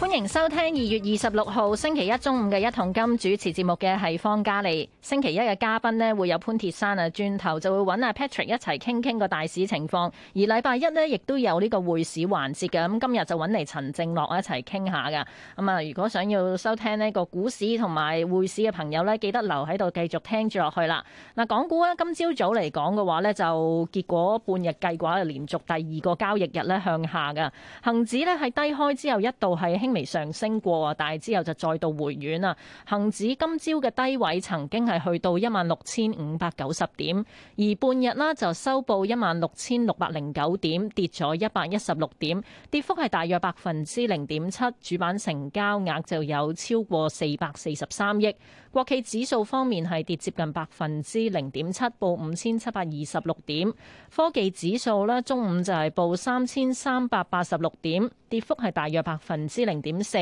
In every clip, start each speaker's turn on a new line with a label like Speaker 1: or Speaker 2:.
Speaker 1: 歡迎收聽二月二十六號星期一中午嘅一桶金，主持節目嘅係方嘉莉。星期一嘅嘉賓咧，會有潘鐵珊啊，轉頭就會揾阿 Patrick 一齊傾傾個大市情況。而禮拜一呢，亦都有呢個匯市環節嘅。咁今日就揾嚟陳正樂一齊傾下噶。咁啊，如果想要收聽呢個股市同埋匯市嘅朋友呢，記得留喺度繼續聽住落去啦。嗱，港股咧今朝早嚟講嘅話呢，就結果半日計嘅話，連續第二個交易日呢向下嘅。恒指呢係低開之後一度係微上升過，但係之後就再度回軟啊。恒指今朝嘅低位曾經係去到一萬六千五百九十點，而半日啦就收報一萬六千六百零九點，跌咗一百一十六點，跌幅係大約百分之零點七。主板成交額就有超過四百四十三億。國企指數方面係跌接近百分之零點七，報五千七百二十六點。科技指數咧中午就係報三千三百八十六點，跌幅係大約百分之零點四。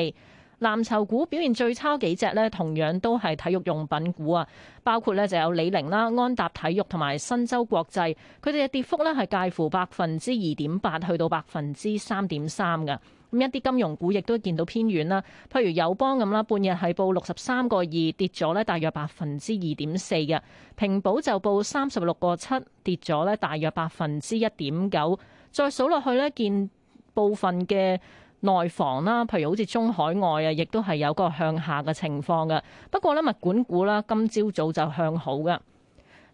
Speaker 1: 藍籌股表現最差幾隻咧，同樣都係體育用品股啊，包括咧就有李寧啦、安踏體育同埋申洲國際，佢哋嘅跌幅咧係介乎百分之二點八去到百分之三點三㗎。咁一啲金融股亦都見到偏軟啦，譬如友邦咁啦，半日係報六十三個二，跌咗呢大約百分之二點四嘅。平保就報三十六個七，跌咗呢大約百分之一點九。再數落去呢見部分嘅內房啦，譬如好似中海外啊，亦都係有個向下嘅情況嘅。不過呢，物管股啦，今朝早，早就向好嘅。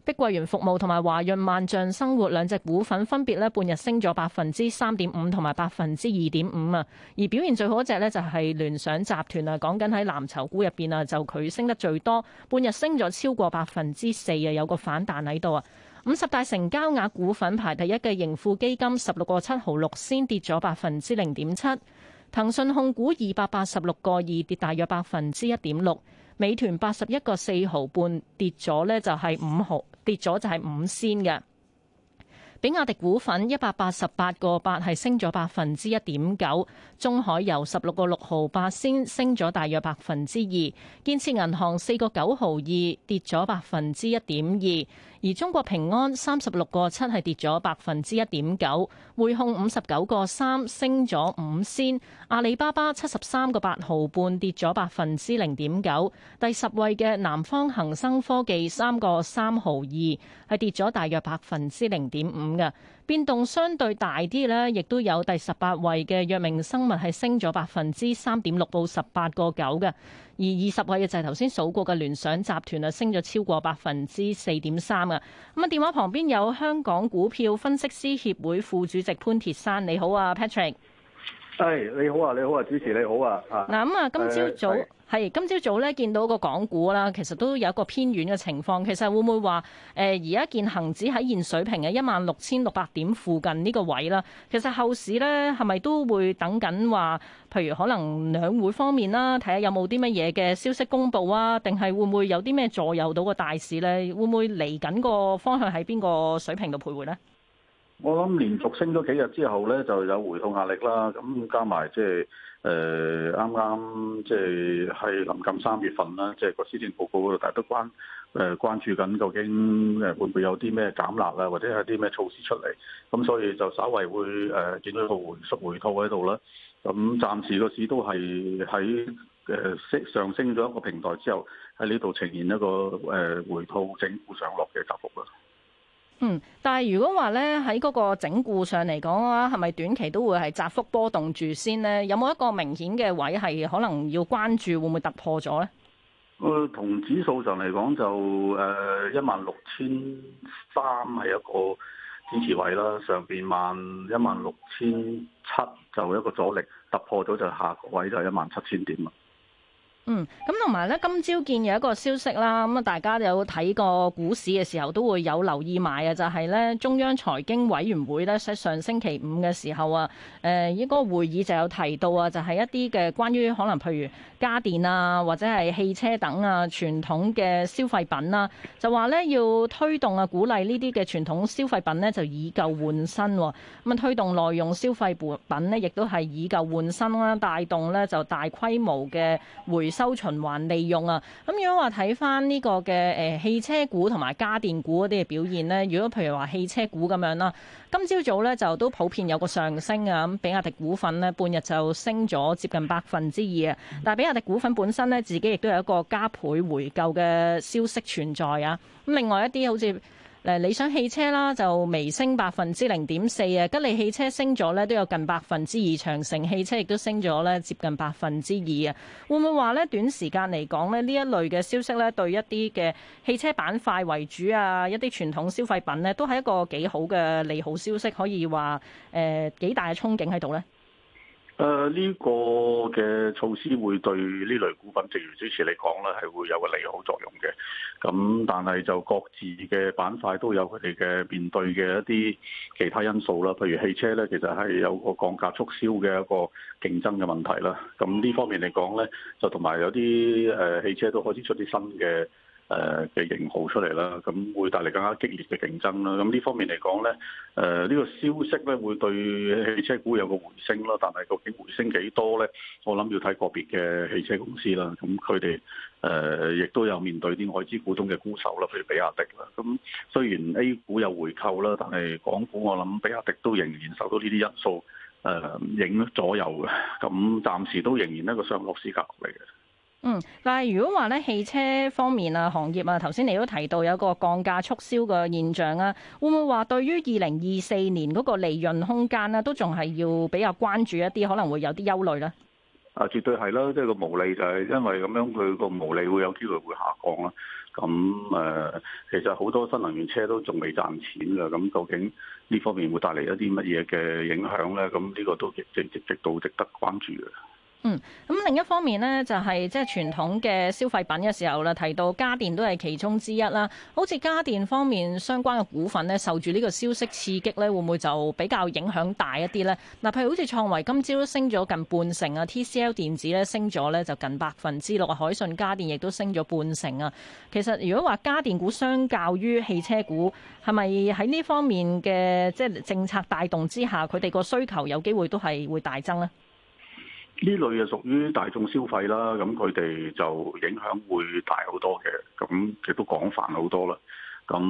Speaker 1: 碧桂園服務同埋華潤萬象生活兩隻股份分別呢，半日升咗百分之三點五同埋百分之二點五啊。而表現最好嗰隻呢就係聯想集團啊，講緊喺藍籌股入邊啊，就佢升得最多，半日升咗超過百分之四啊，有個反彈喺度啊。五十大成交額股份排第一嘅盈富基金十六個七毫六先跌咗百分之零點七，騰訊控股二百八十六個二跌大約百分之一點六，美團八十一個四毫半跌咗呢，就係五毫。跌咗就係五仙嘅。比亞迪股份一百八十八個八係升咗百分之一點九，中海油十六個六毫八仙升咗大約百分之二，建設銀行四個九毫二跌咗百分之一點二，而中國平安三十六個七係跌咗百分之一點九，匯控五十九個三升咗五仙，阿里巴巴七十三個八毫半跌咗百分之零點九，第十位嘅南方恒生科技三個三毫二係跌咗大約百分之零點五。嘅變動相對大啲咧，亦都有第十八位嘅藥明生物係升咗百分之三點六，到十八個九嘅。而二十位嘅就係頭先數過嘅聯想集團啊，升咗超過百分之四點三嘅。咁啊，電話旁邊有香港股票分析師協會副主席潘鐵珊，你好啊，Patrick。
Speaker 2: 係，hey, 你好啊，你好啊，主持你好啊，啊，嗱咁啊，今朝早
Speaker 1: 係今朝早咧，見到個港股啦，其實都有一個偏軟嘅情況。其實會唔會話，誒、呃，而家見恒指喺現水平嘅一萬六千六百點附近呢個位啦，其實後市咧，係咪都會等緊話，譬如可能兩會方面啦，睇下有冇啲乜嘢嘅消息公布啊，定係會唔會有啲咩左右到個大市咧？會唔會嚟緊個方向喺邊個水平度徘徊咧？
Speaker 2: 我諗連續升咗幾日之後咧，就有回吐壓力啦。咁加埋即係誒啱啱即係係臨近三月份啦，即、就、係、是、個施政報告，但係都關誒、呃、關注緊究竟誒會唔會有啲咩減壓啊，或者係啲咩措施出嚟。咁所以就稍為會誒、呃、見到一個回縮回吐喺度啦。咁暫時個市都係喺誒升上升咗一個平台之後，喺呢度呈現一個誒、呃、回吐整固上落嘅格局啦。
Speaker 1: 嗯，但係如果話咧喺嗰個整固上嚟講嘅話，係咪短期都會係窄幅波動住先咧？有冇一個明顯嘅位係可能要關注會唔會突破咗咧？
Speaker 2: 誒，同指數上嚟講就誒一萬六千三係一個支持位啦，上邊萬一萬六千七就一個阻力，突破咗就下個位就係一萬七千點啦。
Speaker 1: 嗯，咁同埋咧，今朝見有一個消息啦，咁、嗯、啊，大家有睇過股市嘅時候，都會有留意埋啊，就係、是、咧中央財經委員會咧上星期五嘅時候啊，誒、呃，應該會議就有提到啊，就係、是、一啲嘅關於可能譬如家電啊，或者係汽車等啊，傳統嘅消費品啦、啊，就話咧要推動啊，鼓勵呢啲嘅傳統消費品咧就以舊換新，咁啊推動耐用消費品咧，亦都係以舊換新啦，帶動咧就大規模嘅回。收循環利用啊，咁如果話睇翻呢個嘅誒汽車股同埋家電股嗰啲嘅表現呢，如果譬如話汽車股咁樣啦，今朝早呢就都普遍有個上升啊，咁比亞迪股份呢，半日就升咗接近百分之二啊，但係比亞迪股份本身呢，自己亦都有一個加倍回購嘅消息存在啊，咁另外一啲好似。誒理想汽車啦就微升百分之零點四啊，吉利汽車升咗咧都有近百分之二，長城汽車亦都升咗咧接近百分之二啊，會唔會話咧短時間嚟講咧呢一類嘅消息咧對一啲嘅汽車板塊為主啊，一啲傳統消費品咧都係一個幾好嘅利好消息，可以話誒幾大嘅憧憬喺度咧。
Speaker 2: 誒呢、呃呢個嘅措施會對呢類股份，正如支持嚟講啦，係會有個利好作用嘅。咁但係就各自嘅板塊都有佢哋嘅面對嘅一啲其他因素啦。譬如汽車咧，其實係有個降價促銷嘅一個競爭嘅問題啦。咁呢方面嚟講咧，就同埋有啲誒汽車都開始出啲新嘅。誒嘅型號出嚟啦，咁會帶嚟更加激烈嘅競爭啦。咁呢方面嚟講呢，誒、呃、呢、呢個消息呢，會對汽車股有個回升啦，但係究竟回升幾多呢？我諗要睇個別嘅汽車公司啦。咁佢哋誒亦都有面對啲外資股東嘅沽手啦，譬如比亞迪啦。咁雖然 A 股有回購啦，但係港股我諗比亞迪都仍然受到呢啲因素誒影左右嘅。咁暫時都仍然一個上落市格局嚟嘅。
Speaker 1: 嗯，但係，如果話咧，汽車方面啊，行業啊，頭先你都提到有個降價促銷嘅現象啊，會唔會話對於二零二四年嗰個利潤空間咧，啊，都仲係要比較關注一啲，可能會有啲憂慮呢？
Speaker 2: 啊，絕對係啦，即、就、係、是、個毛利就係因為咁樣，佢個毛利會有機會會下降啦。咁誒、呃，其實好多新能源車都仲未賺錢嘅，咁究竟呢方面會帶嚟一啲乜嘢嘅影響呢？咁呢個都值值值值到值，值得關注嘅。
Speaker 1: 嗯，咁另一方面呢，就係即係傳統嘅消費品嘅時候啦，提到家電都係其中之一啦。好似家電方面相關嘅股份呢，受住呢個消息刺激呢，會唔會就比較影響大一啲呢？嗱，譬如好似創維今朝都升咗近半成啊，TCL 電子咧升咗咧就近百分之六啊，海信家電亦都升咗半成啊。其實如果話家電股相較於汽車股，係咪喺呢方面嘅即係政策帶動之下，佢哋個需求有機會都係會大增呢？
Speaker 2: 呢類嘅屬於大眾消費啦，咁佢哋就影響會大好多嘅，咁亦都廣泛好多啦。咁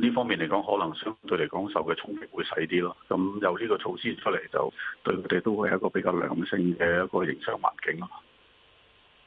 Speaker 2: 呢方面嚟講，可能相對嚟講受嘅衝擊會細啲咯。咁有呢個措施出嚟，就對佢哋都會係一個比較良性嘅一個營商環境咯。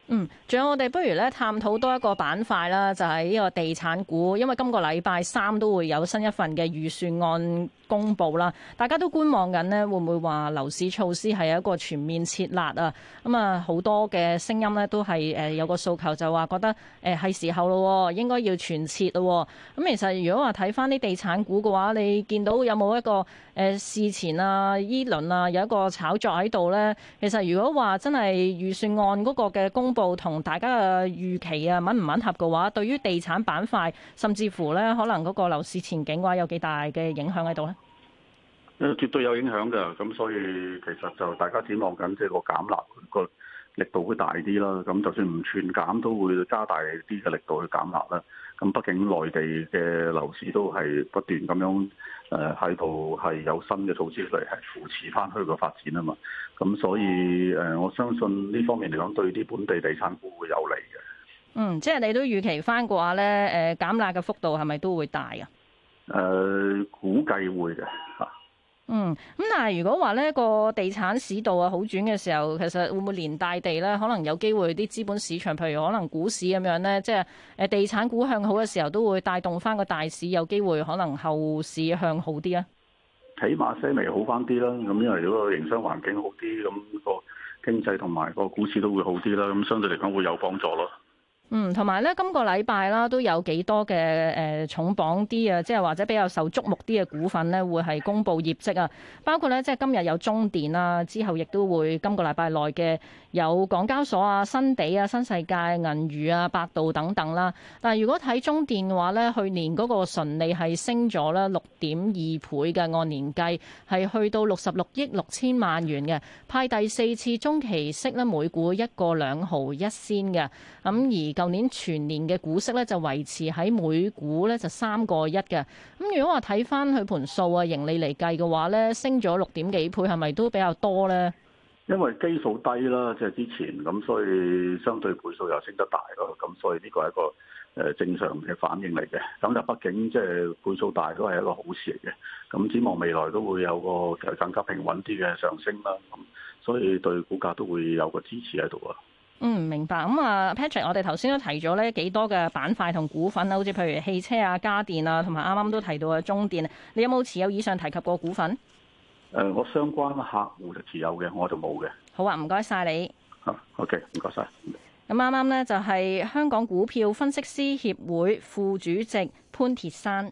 Speaker 1: 嗯，仲有我哋不如咧探討多一個板塊啦，就喺呢個地產股，因為今個禮拜三都會有新一份嘅預算案公布啦。大家都觀望緊呢，會唔會話樓市措施係一個全面撤辣啊？咁啊，好多嘅聲音呢都係誒有個訴求，就話覺得誒係時候咯，應該要全撤咯。咁其實如果話睇翻啲地產股嘅話，你見到有冇一個誒事前啊依輪啊有一個炒作喺度呢？其實如果話真係預算案嗰個嘅公佈，部同大家嘅預期啊，吻唔吻合嘅話，對於地產板塊，甚至乎咧可能嗰個樓市前景嘅話，有幾大嘅影響喺度咧？
Speaker 2: 誒，絕對有影響㗎。咁所以其實就大家展望緊，即係個減壓個力度會大啲啦。咁就算唔全減，都會加大啲嘅力度去減壓啦。咁畢竟內地嘅樓市都係不斷咁樣，誒喺度係有新嘅措施嚟，係扶持翻佢個發展啊嘛。咁所以誒，我相信呢方面嚟講，對啲本地地產股會有利
Speaker 1: 嘅。嗯，即係你都預期翻嘅話咧，誒減壓嘅幅度係咪都會大啊？誒、
Speaker 2: 呃，估計會嘅。
Speaker 1: 嗯，咁但係如果話呢個地產市道啊好轉嘅時候，其實會唔會連帶地呢？可能有機會啲資本市場，譬如可能股市咁樣呢，即係誒地產股向好嘅時候，都會帶動翻個大市，有機會可能後市向好啲啊？
Speaker 2: 起碼西未好翻啲啦，咁因為如果個營商環境好啲，咁個經濟同埋個股市都會好啲啦，咁相對嚟講會有幫助咯。
Speaker 1: 嗯，同埋咧，今個禮拜啦，都有幾多嘅誒、呃、重磅啲啊，即係或者比較受矚目啲嘅股份咧，會係公布業績啊。包括呢，即係今日有中電啦，之後亦都會今個禮拜內嘅有港交所啊、新地啊、新世界、銀娛啊、百度等等啦。但係如果睇中電嘅話呢，去年嗰個純利係升咗咧六點二倍嘅按年計，係去到六十六億六千萬元嘅，派第四次中期息呢，每股一個兩毫一仙嘅。咁而舊年全年嘅股息咧就維持喺每股咧就三個一嘅，咁如果話睇翻佢盤數啊、盈利嚟計嘅話咧，升咗六點幾倍，係咪都比較多咧？
Speaker 2: 因為基數低啦，即係之前咁，所以相對倍數又升得大咯，咁所以呢個係一個誒正常嘅反應嚟嘅。咁就畢竟即係倍數大都係一個好事嚟嘅，咁展望未來都會有個更加平穩啲嘅上升啦，咁所以對股價都會有個支持喺度啊。
Speaker 1: 嗯，明白咁啊，Patrick，我哋頭先都提咗咧幾多嘅板塊同股份啦，好似譬如汽車啊、家電啊，同埋啱啱都提到嘅中電。你有冇持有以上提及過股份？
Speaker 2: 誒、呃，我相關客戶就持有嘅，我就冇嘅。
Speaker 1: 好啊，唔該晒你。
Speaker 2: 啊，OK，唔該晒。
Speaker 1: 咁啱啱呢就係香港股票分析師協會副主席潘鐵珊。